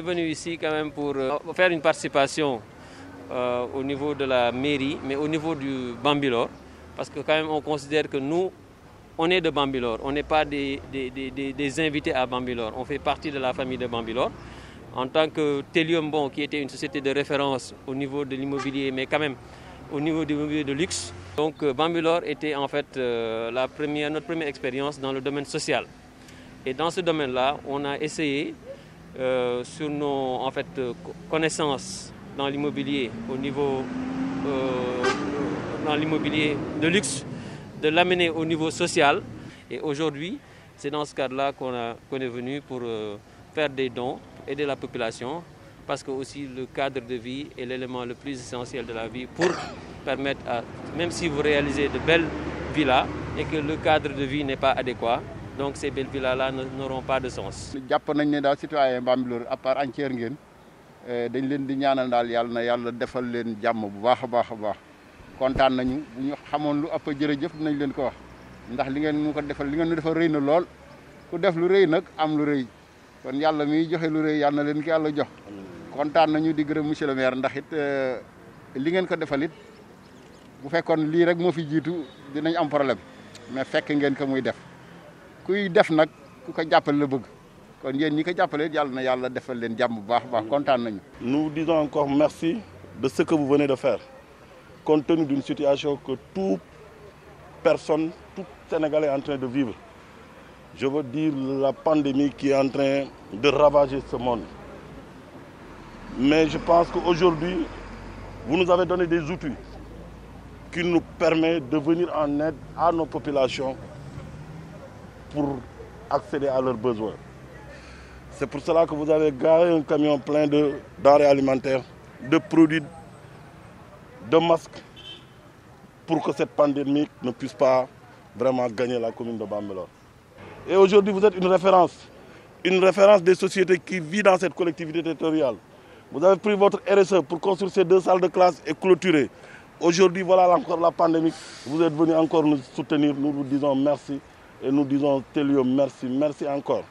venu ici quand même pour euh, faire une participation euh, au niveau de la mairie, mais au niveau du Bambilor, parce que quand même on considère que nous, on est de Bambilor, on n'est pas des, des, des, invités à Bambilor, on fait partie de la famille de Bambilor. En tant que Telium Bon, qui était une société de référence au niveau de l'immobilier, mais quand même au niveau de l'immobilier de luxe. Donc euh, Bambilor était en fait la première, notre première expérience dans le domaine social. Et dans ce domaine-là, on a essayé euh, sur nos en fait, euh, connaissances dans l'immobilier, au niveau euh, dans l'immobilier de luxe, de l'amener au niveau social. Et aujourd'hui, c'est dans ce cadre-là qu'on est venu pour faire des dons, aider la population, parce que aussi le cadre de vie est l'élément le plus essentiel de la vie pour permettre à, même si vous réalisez de belles villas et que le cadre de vie n'est pas adéquat, donc ces belles villas là n'auront pas de sens japp nañ né dal citoyen bambilor à part entière ngeen eh, dañ leen di ñaanal dal yalla na yalla defal leen jamm bu baaxa baaxa baax contane nañu bu ñu xamoon lu ëpp jëre jëf nañ leen ko wax ndax li ngeen mu ko defal li ngeen ñu defal rëy lool ku def lu rëy nag am lu rëy kon yalla mi joxe lu reey yalla leen ki yalla jox contane nañu di gërëm monsieur le maire ndax it eh, li ngeen ko defal it bu fekkoon li rek mo fi jitu dinañ am problème mais fekk ngeen ko muy def nous disons encore merci de ce que vous venez de faire compte tenu d'une situation que toute personne tout Sénégalais est en train de vivre je veux dire la pandémie qui est en train de ravager ce monde mais je pense qu'aujourd'hui vous nous avez donné des outils qui nous permettent de venir en aide à nos populations pour accéder à leurs besoins. C'est pour cela que vous avez garé un camion plein de alimentaires, de produits, de masques, pour que cette pandémie ne puisse pas vraiment gagner la commune de Bambelor. Et aujourd'hui, vous êtes une référence, une référence des sociétés qui vivent dans cette collectivité territoriale. Vous avez pris votre RSE pour construire ces deux salles de classe et clôturer. Aujourd'hui, voilà encore la pandémie. Vous êtes venu encore nous soutenir. Nous vous disons merci. Et nous disons, Télio, merci, merci encore.